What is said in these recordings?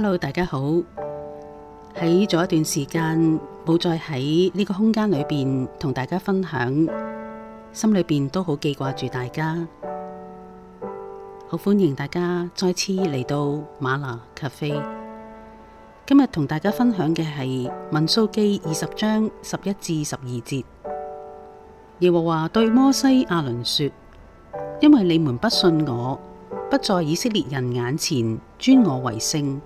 hello，大家好！喺咗一段時間，冇再喺呢個空間裏邊同大家分享，心裏邊都好記掛住大家，好歡迎大家再次嚟到嗎哪咖啡。今日同大家分享嘅係《民數記》二十章十一至十二節。耶和華對摩西、亞倫說：因為你們不信我，不在以色列人眼前尊我為聖。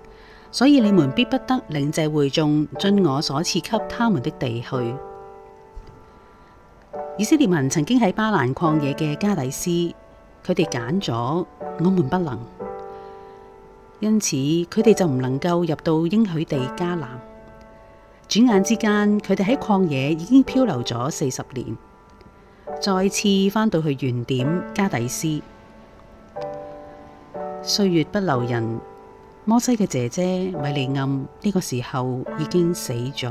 所以你們必不得領這會眾進我所賜給他們的地去。以色列民曾經喺巴蘭曠野嘅加底斯，佢哋揀咗，我們不能，因此佢哋就唔能夠入到應許地迦南。轉眼之間，佢哋喺曠野已經漂流咗四十年，再次返到去原點加底斯，歲月不留人。摩西嘅姐姐米利暗呢個時候已經死咗，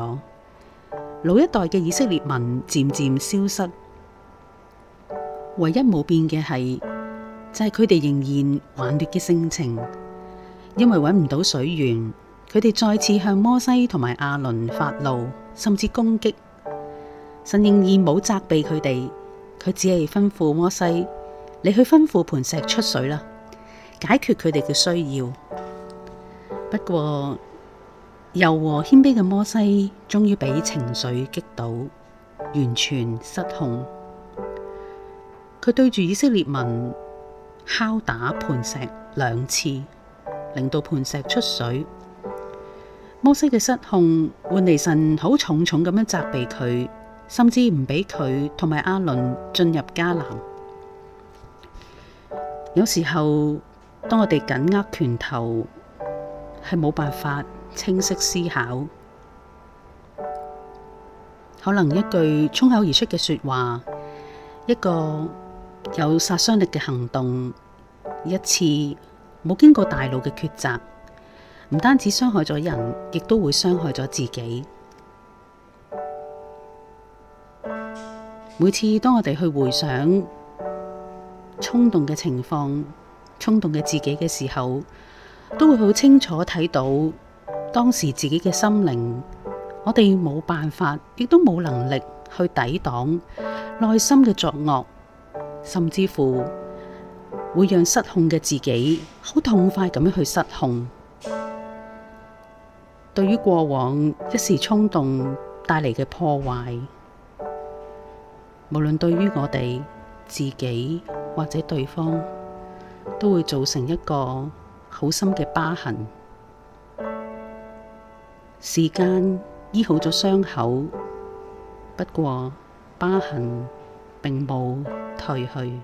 老一代嘅以色列民漸漸消失，唯一冇變嘅係就係佢哋仍然頑劣嘅性情。因為搵唔到水源，佢哋再次向摩西同埋亞倫發怒，甚至攻擊。神仍然冇責備佢哋，佢只係吩咐摩西：你去吩咐磐石出水啦，解決佢哋嘅需要。不過柔和謙卑嘅摩西，終於俾情緒擊倒，完全失控。佢對住以色列民敲打磐石兩次，令到磐石出水。摩西嘅失控換嚟神好重重咁樣責備佢，甚至唔俾佢同埋阿倫進入迦南。有時候，當我哋緊握拳頭，係冇辦法清晰思考，可能一句衝口而出嘅說話，一個有殺傷力嘅行動，一次冇經過大腦嘅抉擇，唔單止傷害咗人，亦都會傷害咗自己。每次當我哋去回想衝動嘅情況、衝動嘅自己嘅時候，都會好清楚睇到當時自己嘅心靈，我哋冇辦法，亦都冇能力去抵擋內心嘅作惡，甚至乎會讓失控嘅自己好痛快咁樣去失控。對於過往一時衝動帶嚟嘅破壞，無論對於我哋自己或者對方，都會造成一個好深嘅疤痕，時間醫好咗傷口，不過疤痕並冇褪去。